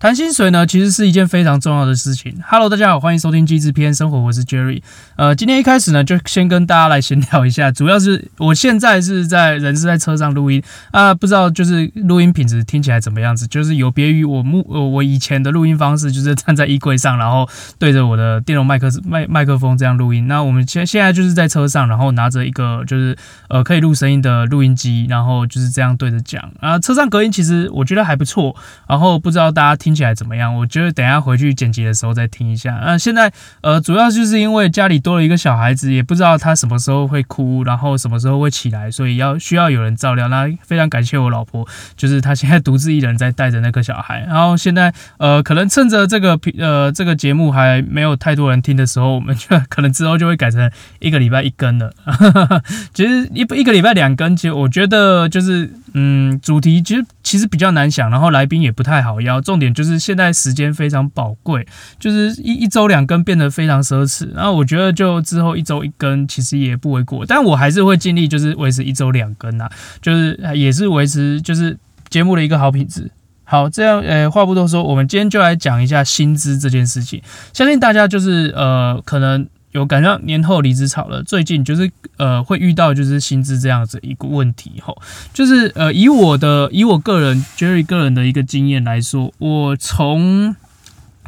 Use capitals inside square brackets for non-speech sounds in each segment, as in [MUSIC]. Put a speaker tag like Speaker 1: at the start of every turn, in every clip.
Speaker 1: 談薪水呢，其實是一件非常重要的事情。哈嘍，大家好，歡迎收聽《機智篇生活》，我是 Jerry。呃，今天一開始呢，就先跟大家來閒聊一下。主要是我現在是在人是在車上錄音啊、呃，不知道就是錄音品質聽起來怎麼樣子，就是有別於我目呃我以前的錄音方式，就是站在衣櫃上，然後對着我的電容麥克麥麥克風這樣錄音。那我們現現在就是在車上，然後拿着一個就是呃可以錄聲音的錄音機，然後就是這樣對着講啊。車上隔音其實我覺得還不錯，然後不知道大家聽。聽起來怎麼樣？我覺得等一下回去剪輯的時候再聽一下。那、呃、現在，呃，主要就是因為家裡多了一個小孩子，也不知道他什麼時候會哭，然後什麼時候會起來，所以要需要有人照料。那非常感謝我老婆，就是她現在獨自一人在帶着那個小孩。然後現在，呃，可能趁着這個呃，這個節目還沒有太多人聽的時候，我們就可能之後就會改成一個禮拜一更了。其 [LAUGHS] 實一一個禮拜兩更，其實我覺得就是。嗯，主題其實其實比較難想，然後來賓也不太好邀。重點就是現在時間非常寶貴，就是一一周兩更變得非常奢侈。然後我覺得就之後一周一更其實也不為過，但我還是會盡力就是維持一周兩更啊，就是也是維持就是節目的一個好品質。好，這樣呃、欸、話不多說，我們今天就來講一下薪資這件事情。相信大家就是呃可能，有趕上年後離職潮了，最近就是呃會遇到就是薪資這樣子一個問題吼，就是呃以我的以我個人杰瑞個人的一個經驗來說，我從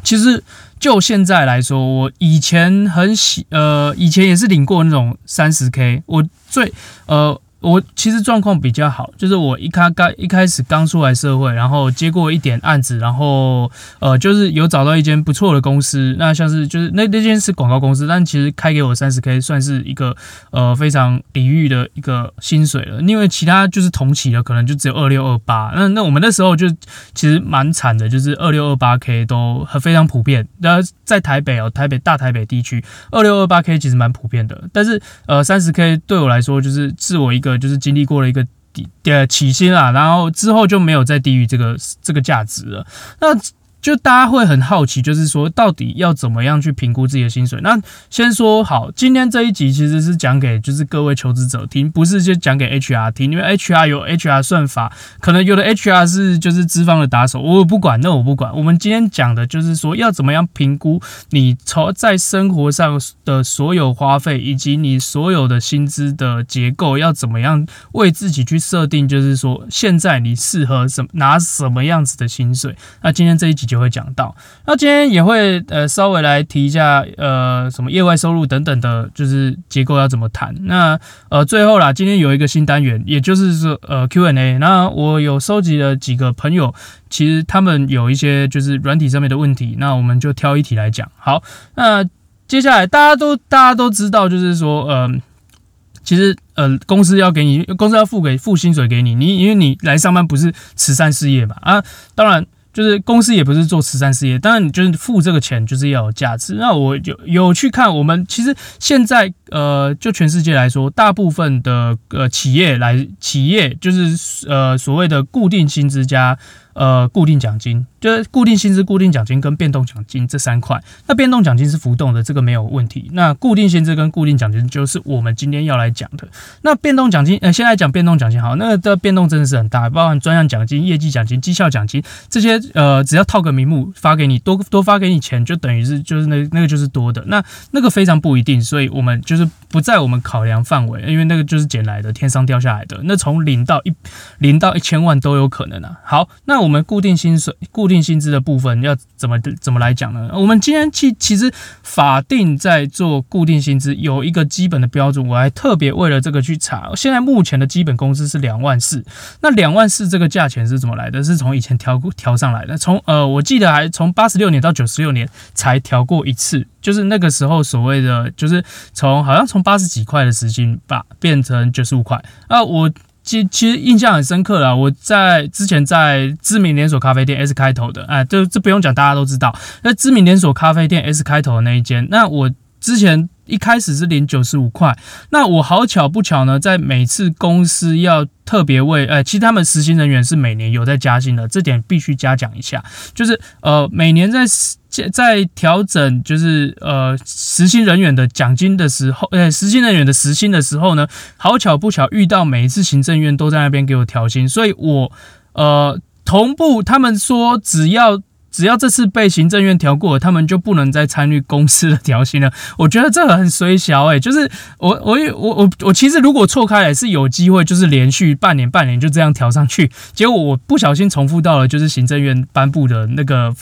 Speaker 1: 其實就現在來說，我以前很喜呃以前也是領過那種三十 K，我最呃。我其實狀況比較好，就是我一開剛一開始剛出來社會，然後接過一點案子，然後呃就是有找到一間不錯的公司，那像是就是那那間是廣告公司，但其實開給我三十 K 算是一個呃非常禮遇的一個薪水了，因為其他就是同期的可能就只有二六二八，那那我們那時候就其實蠻慘的，就是二六二八 K 都非常普遍，那在台北哦台北大台北地區二六二八 K 其實蠻普遍的，但是呃三十 K 對我來說就是是我一個。就是經歷過了一個底，呃起薪啊，然後之後就沒有再低於這個這個價值了。那。就大家會很好奇，就是說到底要怎麼樣去評估自己的薪水？那先說好，今天這一集其實是講給就是各位求職者聽，不是就講給 HR 聽，因為 HR 有 HR 算法，可能有的 HR 是就是資方的打手，我不管，那我不管。我們今天講的就是說要怎麼樣評估你從在生活上的所有花費，以及你所有的薪資的結構，要怎麼樣為自己去設定，就是說現在你適合什拿什麼樣子的薪水？那今天這一集，就會講到，那今天也會呃稍微來提一下呃什麼業外收入等等的，就是結構要怎麼談。那呃最後啦，今天有一個新單元，也就是說呃 Q&A。Q、A，那我有收集了幾個朋友，其實他們有一些就是軟體上面的問題，那我們就挑一題來講。好，那接下來大家都大家都知道，就是說呃其實呃公司要給你公司要付給付薪水給你，你因為你來上班不是慈善事業嘛啊，當然。就是公司也不是做慈善事業，當然你就是付這個錢，就是要有價值。那我有有去看，我們其實現在呃，就全世界來說，大部分的呃企業來企業就是呃所謂的固定薪資加。呃，固定獎金就是固定薪資、固定獎金跟變動獎金這三塊。那變動獎金是浮動的，這個沒有問題。那固定薪資跟固定獎金就是我們今天要來講的。那變動獎金，呃，先來講變動獎金好。那個的變動真的是很大，包含專項獎金、業績獎金、績效獎金這些，呃，只要套個名目發給你，多多發給你錢，就等於是就是那個、那個就是多的。那那個非常不一定，所以我們就是不在我們考量範圍，因為那個就是撿來的，天上掉下來的。那從零到一零到一千萬都有可能啊。好，那。那我們固定薪水，固定薪資的部分要怎麼怎麼來講呢？我們今天其其實法定在做固定薪資有一個基本的標準，我還特別為了這個去查。現在目前的基本工資是兩萬四，那兩萬四這個價錢是怎麼來的？是從以前調調上來的。從呃，我記得還從八十六年到九十六年才調過一次，就是那個時候所謂的就是從好像從八十幾塊的時薪吧，變成九十五塊啊，我。其其實印象很深刻了，我在之前在知名連鎖咖啡店 S 開頭的，哎，這這不用講，大家都知道。那知名連鎖咖啡店 S 開頭的那一間，那我之前一開始是領九十五塊，那我好巧不巧呢，在每次公司要特別為，哎，其實他們時薪人員是每年有在加薪的，這點必須加講一下，就是呃每年在。在調整就是呃實習人員的獎金的時候，呃、欸、實習人員的時薪的時候呢，好巧不巧遇到每一次行政院都在那邊給我調薪，所以我呃同步他們說，只要只要這次被行政院調過了，他們就不能再參與公司的調薪了。我覺得這個很衰小誒、欸，就是我我我我我其實如果錯開了是有機會，就是連續半年半年就這樣調上去，結果我不小心重複到了，就是行政院頒布的那個。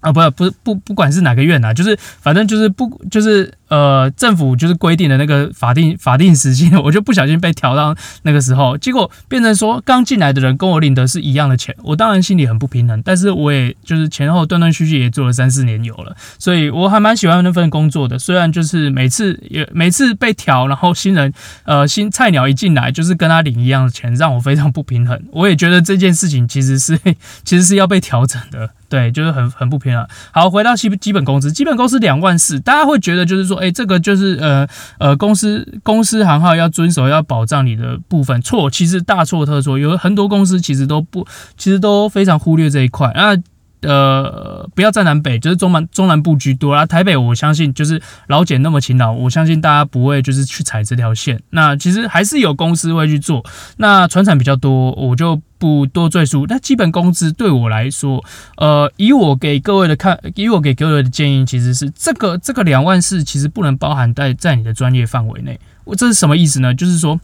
Speaker 1: 啊，不不不，不管是哪個院啊，就是反正就是不就是呃，政府就是規定的那個法定法定時間，我就不小心被調到那個時候，結果變成說剛進來的人跟我領的是一樣的錢，我當然心裡很不平衡，但是我也就是前後斷斷續續也做了三四年有了，所以我還蠻喜歡那份工作的，雖然就是每次也每次被調，然後新人呃新菜鳥一進來就是跟他領一樣的錢，讓我非常不平衡，我也覺得這件事情其實是其實是要被調整的。對，就是很很不平衡。好，回到基基本工資，基本工資兩萬四，大家會覺得就是說，哎、欸，這個就是呃呃，公司公司行號要遵守，要保障你的部分。錯，其實大錯特錯，有很多公司其實都不，其實都非常忽略這一塊。那呃，不要在南北，就是中南中南部居多啦、啊。台北，我相信就是勞檢那麼勤勞，我相信大家不會就是去踩這條線。那其實還是有公司會去做，那傳產比較多，我就。不多贅述，那基本工資對我來說，呃，以我給各位的看，以我給各位的建議，其實是這個這個兩萬四，其實不能包含在在你的專業範圍內。我這是什麼意思呢？就是說。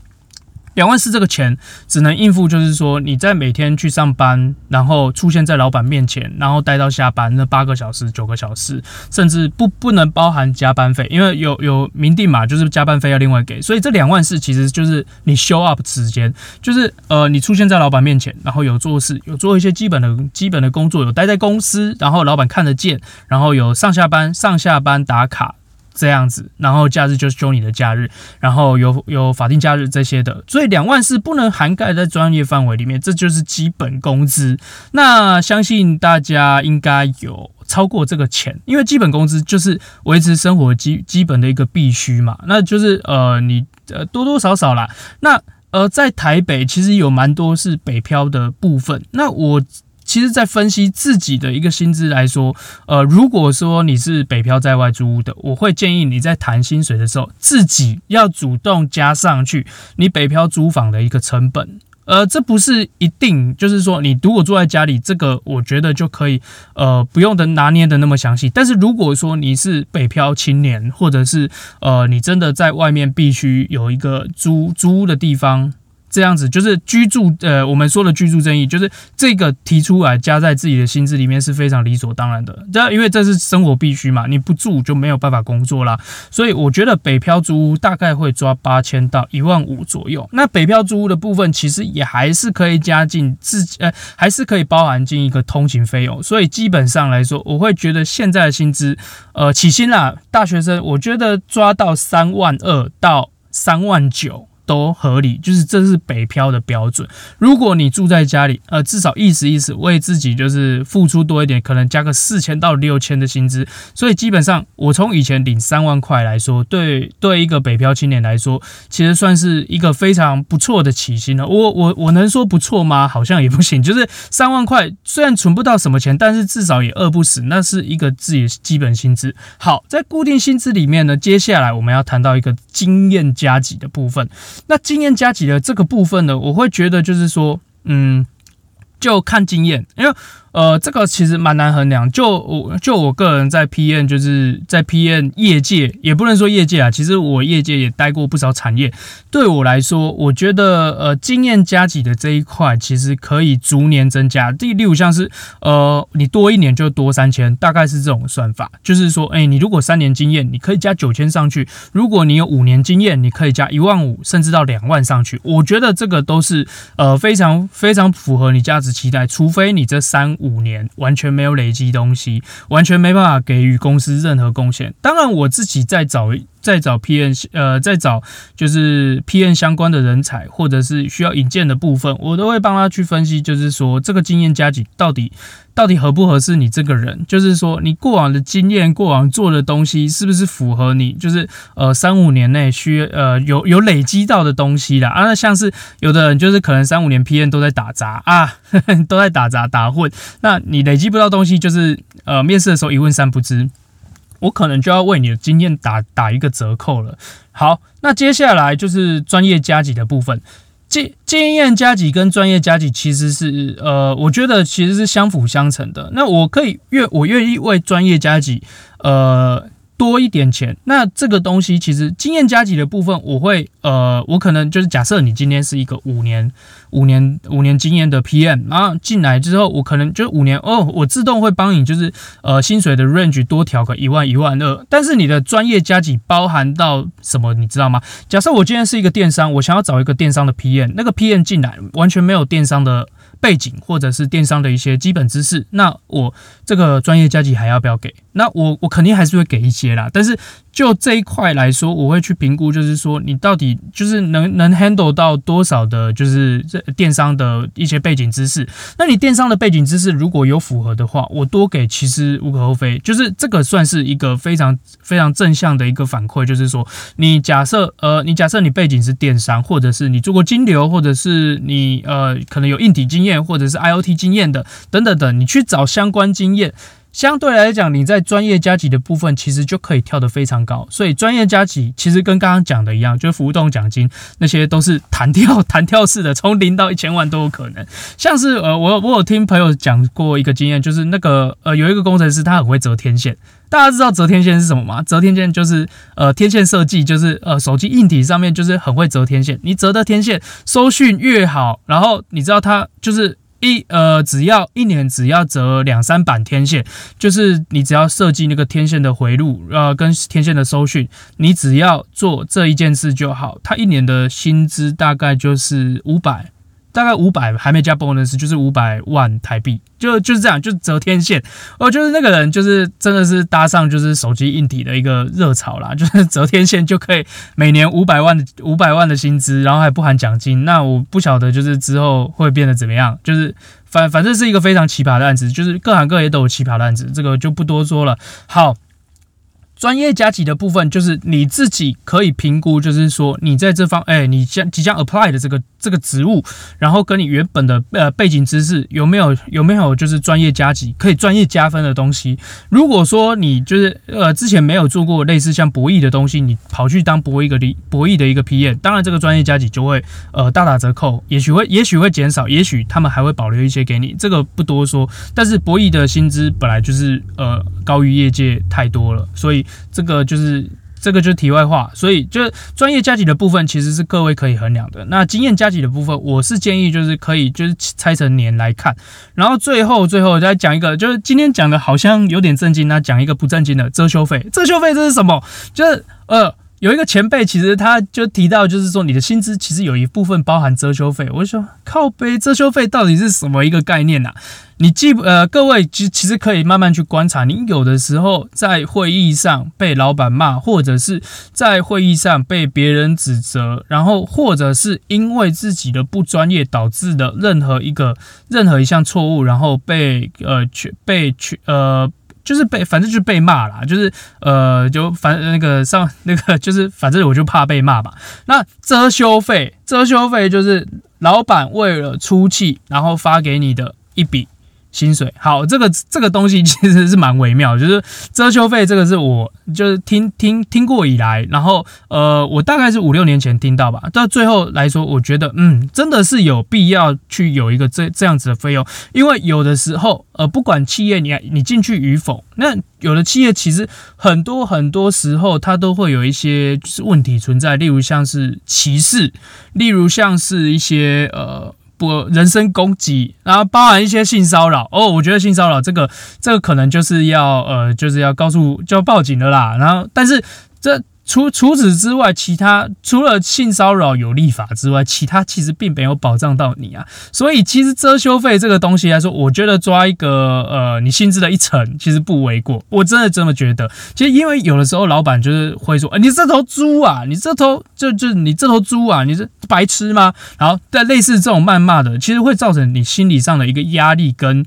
Speaker 1: 兩萬四這個錢，只能應付，就是說你在每天去上班，然後出現在老板面前，然後待到下班那八個小時、九個小時，甚至不不能包含加班費，因為有有明定嘛，就是加班費要另外給。所以這兩萬四其實就是你 show up 時間，就是呃你出現在老板面前，然後有做事，有做一些基本的基本的工作，有待在公司，然後老板看得見，然後有上下班上下班打卡。這樣子，然後假日就是休你的假日，然後有有法定假日這些的，所以兩萬是不能涵蓋在專業範圍裡面，這就是基本工資。那相信大家應該有超過這個錢，因為基本工資就是維持生活基基本的一個必須嘛，那就是呃你呃多多少少啦。那呃在台北其實有蠻多是北漂的部分，那我。其實，在分析自己的一個薪資來說，呃，如果說你是北漂在外租屋的，我會建議你在談薪水的時候，自己要主動加上去你北漂租房的一個成本。呃，這不是一定，就是說你如果住在家裡，這個我覺得就可以，呃，不用的拿捏的那麼詳細。但是如果說你是北漂青年，或者是呃，你真的在外面必須有一個租租屋的地方。這樣子就是居住，呃，我們說的居住正義，就是這個提出來加在自己的薪資裡面是非常理所當然的。這因為這是生活必須嘛，你不住就沒有辦法工作啦。所以我覺得北漂租屋大概會抓八千到一萬五左右。那北漂租屋的部分其實也還是可以加進自己，呃，還是可以包含進一個通勤費用。所以基本上來說，我會覺得現在的薪資，呃，起薪啦，大學生我覺得抓到三萬二到三萬九，都合理，就是這是北漂的標準。如果你住在家裡，呃，至少意思意思為自己就是付出多一點，可能加個四千到六千的薪資。所以基本上，我從以前領三萬塊來說，對對一個北漂青年來說，其實算是一個非常不錯的起薪了。我我我能說不錯嗎？好像也不行。就是三萬塊雖然存不到什麼錢，但是至少也餓不死，那是一個自己基本薪資。好，在固定薪資裡面呢，接下來我們要談到一個經驗加給的部分。那經驗加起來這個部分呢？我會覺得就是說，嗯，就看經驗，因為呃，這個其實蠻難衡量。就我，就我個人在 P N，就是在 P N 業界，也不能說業界啊。其實我業界也待過不少產業。對我來說，我覺得呃，經驗加給的這一塊，其實可以逐年增加。例如像是呃，你多一年就多三千，大概是這種算法。就是說，哎、欸，你如果三年經驗，你可以加九千上去；如果你有五年經驗，你可以加一萬五，甚至到兩萬上去。我覺得這個都是呃，非常非常符合你價值期待。除非你這三。五年完全沒有累積東西，完全沒辦法給予公司任何貢獻。當然，我自己在找。再找 P N 呃，再找就是 P N 相關的人才，或者是需要引薦的部分，我都會幫他去分析，就是說這個經驗加值到底到底合不合適你這個人，就是說你過往的經驗，過往做的東西是不是符合你，就是呃三五年內需要呃有有累積到的東西啦。啊，那像是有的人就是可能三五年 P N 都在打雜啊呵呵，都在打雜打混，那你累積不到東西，就是呃面試的時候一問三不知。我可能就要為你的經驗打打一個折扣了。好，那接下來就是專業加給的部分。經經驗加給跟專業加給其實是呃，我覺得其實是相輔相成的。那我可以願我願意為專業加給，呃。多一點錢，那這個東西其實經驗加級的部分，我會呃，我可能就是假設你今天是一個五年五年五年經驗的 PM，然後進來之後，我可能就五年哦，我自動會幫你就是呃薪水的 range 多調個一萬一萬二，但是你的專業加級包含到什麼你知道嗎？假設我今天是一個電商，我想要找一個電商的 PM，那個 PM 進來完全沒有電商的。背景或者是電商的一些基本知識，那我這個專業加給還要不要給？那我我肯定還是會給一些啦，但是。就這一塊來說，我會去評估，就是說你到底就是能能 handle 到多少的，就是這電商的一些背景知識。那你電商的背景知識如果有符合的話，我多給其實無可厚非。就是這個算是一個非常非常正向的一個反饋，就是說你假設呃，你假設你背景是電商，或者是你做過金流，或者是你呃可能有硬體經驗，或者是 IOT 經驗的等等等，你去找相關經驗。相對來講，你在專業加給的部分，其實就可以跳得非常高。所以專業加給其實跟剛剛講的一樣，就是浮動獎金那些都是彈跳、彈跳式的，從零到一千萬都有可能。像是呃，我有我有聽朋友講過一個經驗，就是那個呃，有一個工程師他很會折天線。大家知道折天線是什麼嗎？折天線就是呃，天線設計就是呃，手機硬體上面就是很會折天線。你折的天線收訊越好，然後你知道它就是。一呃，只要一年，只要折兩三版天線，就是你只要設計那個天線的回路，呃，跟天線的收訊，你只要做這一件事就好。他一年的薪資大概就是五百。大概五百，還沒加 bonus，就是五百萬台幣，就就是這樣，就是折天線。哦，就是那個人，就是真的是搭上就是手機硬體的一個熱潮啦，就是折天線就可以每年五百萬的五百萬的薪資，然後還不含獎金。那我不曉得就是之後會變得怎麼樣，就是反反正是一個非常奇葩的案子，就是各行各業都有奇葩的案子，這個就不多說了。好，專業加急的部分就是你自己可以評估，就是說你在這方，哎、欸，你將即將 apply 的這個。這個職務，然後跟你原本的呃背景知識有沒有，有沒有就是專業加給可以專業加分的東西？如果說你就是呃之前沒有做過類似像博弈的東西，你跑去當博弈，一個博弈的一個 PM，當然這個專業加給就會呃大打折扣，也許會，也許會減少，也許他們還會保留一些給你，這個不多說。但是博弈的薪資本來就是呃高於業界太多了，所以這個就是。這個就是題外話，所以就專業加給的部分其實是各位可以衡量的。那經驗加給的部分，我是建議就是可以就是拆成年來看。然後最後最後再講一個，就是今天講的好像有點正經。那講一個不正經的遮羞費。遮羞費這是什麼？就是呃。有一個前輩，其實他就提到，就是說你的薪資其實有一部分包含遮羞費。我就說靠北，遮羞費到底是什麼一個概念吶、啊？你既呃，各位其其實可以慢慢去觀察。你有的時候在會議上被老板罵，或者是在會議上被別人指責，然後或者是因為自己的不專業導致的任何一個任何一項錯誤，然後被呃去被去呃。就是被，反正就是被罵啦。就是，呃，就反正那個上那個，就是反正我就怕被罵吧。那遮羞費，遮羞費就是老闆為了出氣，然後發給你的一筆。薪水好，這個這個東西其實是蠻微妙的，就是遮羞費，這個是我就是聽聽聽過以來，然後呃，我大概是五六年前聽到吧。到最後來說，我覺得嗯，真的是有必要去有一個這這樣子的費用，因為有的時候呃，不管企業你你進去與否，那有的企業其實很多很多時候它都會有一些就是問題存在，例如像是歧視，例如像是一些呃。不，人身攻擊，然後包含一些性騷擾哦。我覺得性騷擾這個，這個可能就是要，呃，就是要告訴，就要報警了啦。然後，但是這。除除此之外，其他除了性騷擾有立法之外，其他其實並沒有保障到你啊。所以其實遮羞費這個東西來說，我覺得抓一個呃，你薪資的一成其實不為過。我真的真的覺得，其實因為有的時候老闆就是會說，欸，你這頭豬啊，你這頭就就你這頭豬啊，你是白痴嗎？然後但類似這種謾罵的，其實會造成你心理上的一個壓力跟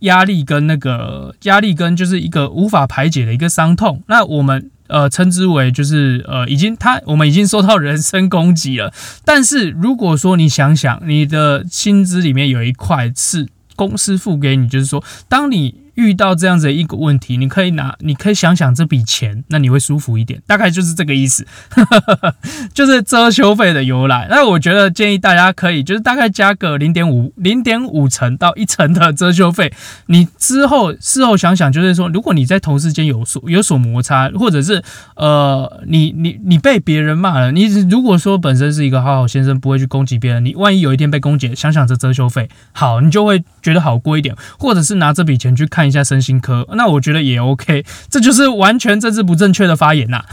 Speaker 1: 壓力跟那個壓力跟就是一個無法排解的一個傷痛。那我們。呃，稱之為就是呃，已經他我們已經受到人身攻擊了。但是如果說你想想，你的薪資裡面有一塊是公司付給你，就是說當你。遇到這樣子的一個問題，你可以拿，你可以想想這筆錢，那你會舒服一點，大概就是這個意思，呵呵呵，就是遮羞費的由來。那我覺得建議大家可以，就是大概加個零點五零點五成到一成的遮羞費，你之後事後想想，就是說，如果你在同事間有所有所摩擦，或者是呃，你你你被別人罵了，你如果說本身是一個好好先生，不會去攻擊別人，你萬一有一天被攻擊，想想這遮羞費，好，你就會覺得好過一點，或者是拿這筆錢去看。看一下身心科，那我覺得也 OK，這就是完全政治不正確的發言吶、啊。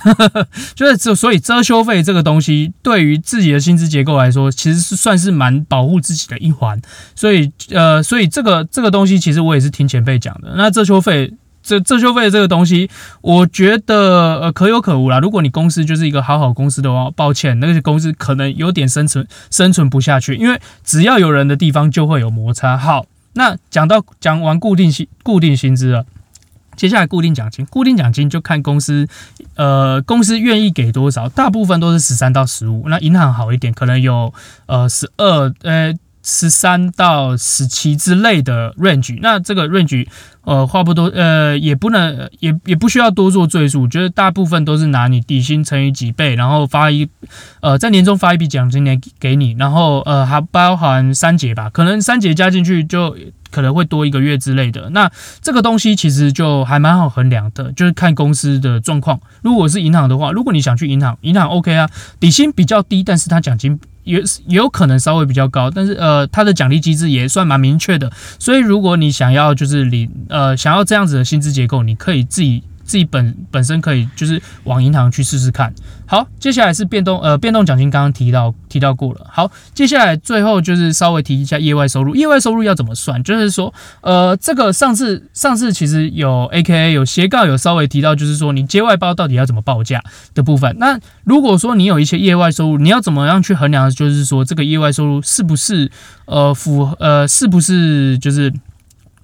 Speaker 1: 就是所以遮羞費這個東西，對於自己的薪資結構來說，其實是算是蠻保護自己的一環。所以呃，所以這個這個東西，其實我也是聽前輩講的。那遮羞費，這遮羞費這個東西，我覺得呃可有可無啦。如果你公司就是一個好好公司的話，抱歉，那個公司可能有點生存生存不下去，因為只要有人的地方就會有摩擦。好。那講到講完固定薪固定薪資了，接下來固定獎金，固定獎金就看公司，呃，公司願意給多少，大部分都是十三到十五，那銀行好一點，可能有呃十二，呃。12, 欸十三到十七之類的 range，那這個 range，呃，話不多，呃，也不能，也也不需要多做贅述。我覺得大部分都是拿你底薪乘以幾倍，然後發一，呃，在年終發一筆獎金來給你，然後呃還包含三節吧，可能三節加進去就可能會多一個月之類的。那這個東西其實就還蠻好衡量的，就是看公司的狀況。如果是銀行的話，如果你想去銀行，銀行 OK 啊，底薪比較低，但是它獎金。也也有，有可能稍微比較高，但是呃，它的獎勵機制也算蠻明確的，所以如果你想要就是你呃想要這樣子的薪資結構，你可以自己。自己本本身可以就是往銀行去試試看。好，接下來是變動呃變動獎金，剛剛提到提到過了。好，接下來最後就是稍微提一下業外收入。業外收入要怎麼算？就是說呃，這個上次上次其實有 AKA 有斜槓有稍微提到，就是說你接外包到底要怎麼報價的部分。那如果說你有一些業外收入，你要怎麼樣去衡量？就是說這個業外收入是不是呃符合呃是不是就是？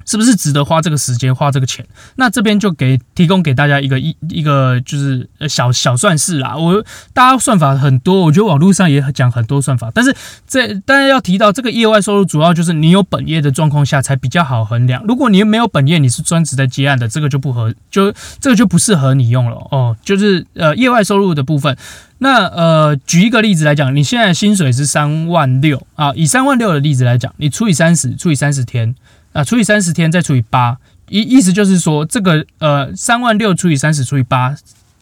Speaker 1: 是不是值得花這個時間，花這個錢？那這邊就給提供給大家一個一一個就是呃小小算式啦。我大家算法很多，我覺得網絡上也講很多算法，但是這大家要提到這個業外收入，主要就是你有本業的狀況下才比較好衡量。如果你沒有本業，你是專職在接案的，這個就不合就這個就不適合你用了哦。就是呃業外收入的部分，那呃舉一個例子來講，你現在薪水是三萬六啊，以三萬六的例子來講，你除以三十，除以三十天。啊，除以三十天，再除以八，意意思就是說，這個呃，三萬六除以三十除以八，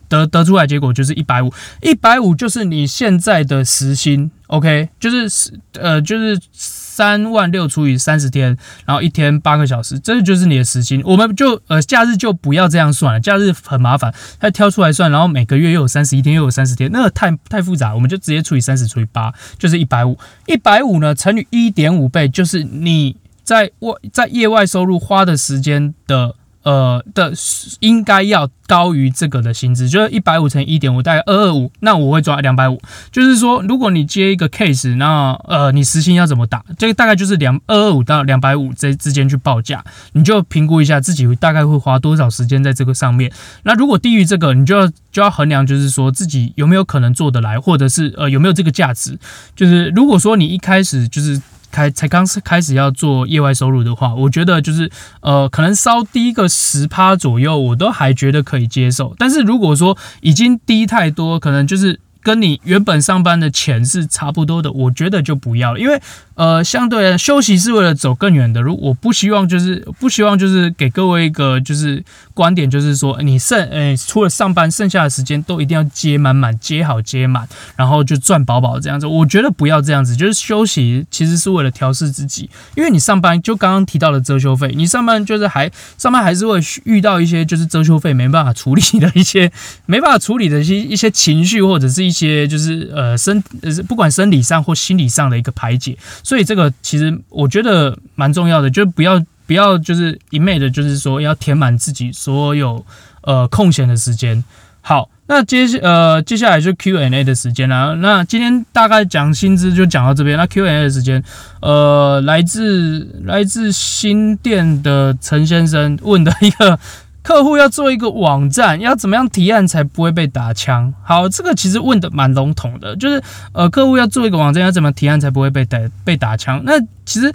Speaker 1: 得得出來結果就是一百五，一百五就是你現在的時薪。OK，就是呃，就是三萬六除以三十天，然後一天八個小時，這是就是你的時薪。我們就呃，假日就不要這樣算了，假日很麻煩，他挑出來算，然後每個月又有三十一天，又有三十天，那個太太複雜，我們就直接除以三十除以八，就是一百五，一百五呢乘以一點五倍，就是你。在外在業外收入花的時間的呃的應該要高於這個的薪資，就是一百五乘一點五，5, 大概二二五，那我會抓兩百五。就是說，如果你接一個 case，那呃你時薪要怎麼打？這個大概就是兩二二五到兩百五這之間去報價。你就評估一下自己大概會花多少時間在這個上面。那如果低於這個，你就要就要衡量，就是說自己有沒有可能做得來，或者是呃有沒有這個價值。就是如果說你一開始就是。.開才剛開始要做業外收入的話，我覺得就是呃，可能稍低個十趴左右，我都還覺得可以接受。但是如果說已經低太多，可能就是。跟你原本上班的錢是差不多的，我覺得就不要了，因為呃，相對來，休息是為了走更遠的。如果我不希望就是不希望就是給各位一個就是觀點，就是說你剩呃、欸、除了上班剩下的時間都一定要接滿滿接好接滿，然後就賺飽飽這樣子。我覺得不要這樣子，就是休息其實是為了調適自己，因為你上班就剛剛提到了遮羞費，你上班就是還上班還是會遇到一些就是遮羞費沒辦法處理的一些沒辦法處理的一些一些情緒或者是一。一些就是呃生呃不管生理上或心理上的一個排解，所以這個其實我覺得蠻重要的，就不要不要就是一昧的，就是說要填滿自己所有呃空閒的時間。好，那接下呃接下來就 Q&A 的時間了啊。那今天大概講薪資就講到這邊。那 Q&A 的時間，呃，來自來自新店的陳先生問的一個。客戶要做一個網站，要怎麼樣提案才不會被打槍？好，這個其實問的蠻籠統的，就是呃，客戶要做一個網站，要怎麼樣提案才不會被打被打槍？那其實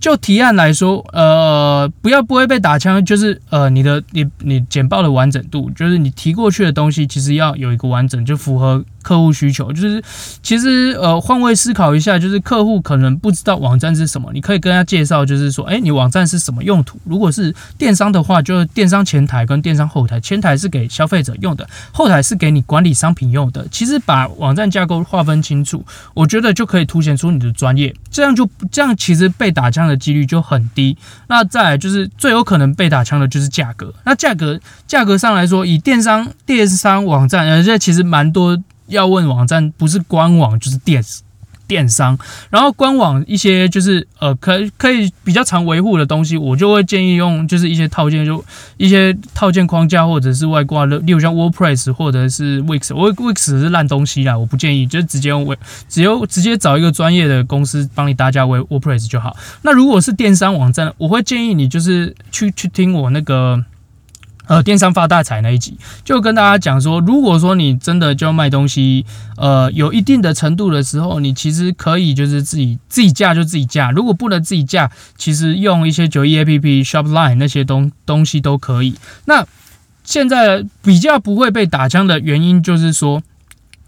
Speaker 1: 就提案來說，呃，不要不會被打槍，就是呃，你的你你簡報的完整度，就是你提過去的東西，其實要有一個完整，就符合。客戶需求就是，其實呃，換位思考一下，就是客戶可能不知道網站是什麼，你可以跟他介紹，就是說，哎、欸，你網站是什麼用途？如果是電商的話，就是電商前台跟電商後台，前台是給消費者用的，後台是給你管理商品用的。其實把網站架構劃分清楚，我覺得就可以凸顯出你的專業，這樣就這樣其實被打槍的幾率就很低。那再來就是最有可能被打槍的就是價格。那價格價格上來說，以電商電商網站，而、呃、且其實蠻多。要問網站，不是官網就是電電商。然後官網一些就是呃，可以可以比較常維護的東西，我就會建議用，就是一些套件，就一些套件框架或者是外掛的，例如像 WordPress 或者是 Wix。Wix 是爛東西啦，我不建議，就直接用 Wix，只有直接找一個專業的公司幫你搭架 W WordPress 就好。那如果是電商網站，我會建議你就是去去聽我那個。呃，電商發大財那一集，就跟大家講說，如果說你真的就賣東西，呃，有一定的程度的時候，你其實可以就是自己自己架就自己架，如果不能自己架，其實用一些 91APP、Shopline 那些東東西都可以。那現在比較不會被打槍的原因，就是說，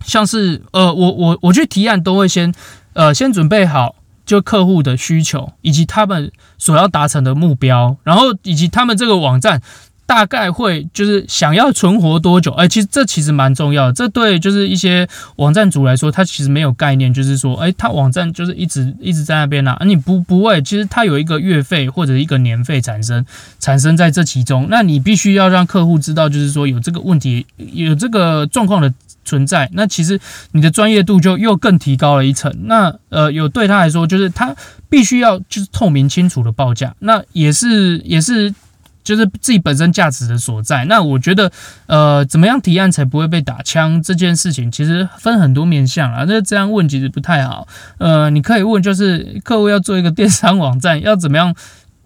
Speaker 1: 像是呃，我我我去提案都會先呃先準備好，就客戶的需求以及他們所要達成的目標，然後以及他們這個網站。大概會就是想要存活多久？哎，其實這其實蠻重要的。這對就是一些網站主來說，他其實沒有概念，就是說，哎，他網站就是一直一直在那邊啊，啊你不不會，其實他有一個月費或者一個年費產生，產生在這其中。那你必須要讓客戶知道，就是說有這個問題，有這個狀況的存在。那其實你的專業度就又更提高了一層。那呃，有對他來說，就是他必須要就是透明清楚的報價。那也是也是。就是自己本身價值的所在。那我覺得，呃，怎麼樣提案才不會被打槍這件事情，其實分很多面向啊。那這樣問其實不太好。呃，你可以問，就是客戶要做一個電商網站，要怎麼樣，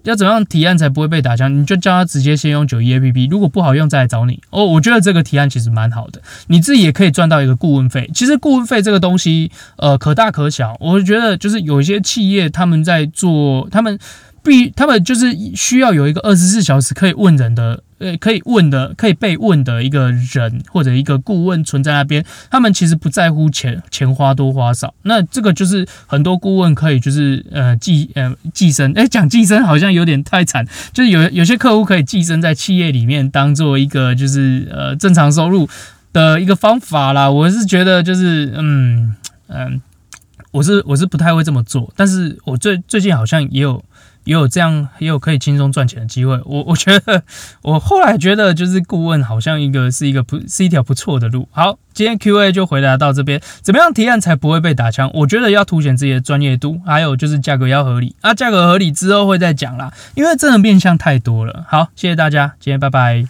Speaker 1: 要怎麼樣提案才不會被打槍，你就叫他直接先用 91APP，如果不好用再來找你。哦，我覺得這個提案其實蠻好的，你自己也可以賺到一個顧問費。其實顧問費這個東西，呃，可大可小。我覺得就是有一些企業他們在做，他們。必，他們就是需要有一個二十四小時可以問人的，呃，可以問的，可以被問的一個人或者一個顧問存在那邊。他們其實不在乎錢，錢花多花少。那這個就是很多顧問可以就是呃寄呃寄生，哎，講寄生好像有點太慘，就是有有些客戶可以寄生在企業裡面，當做一個就是呃正常收入的一個方法啦。我是覺得就是嗯嗯、呃，我是我是不太會這麼做，但是我最最近好像也有。也有這樣，也有可以輕鬆賺錢的機會。我我覺得，我後來覺得，就是顧問好像一個是一個不是一條不錯的路。好，今天 Q&A 就回答到這邊。怎麼樣提案才不會被打槍？我覺得要凸顯自己的專業度，還有就是價格要合理。啊，價格合理之後會再講啦，因為真的面向太多了。好，謝謝大家，今天拜拜。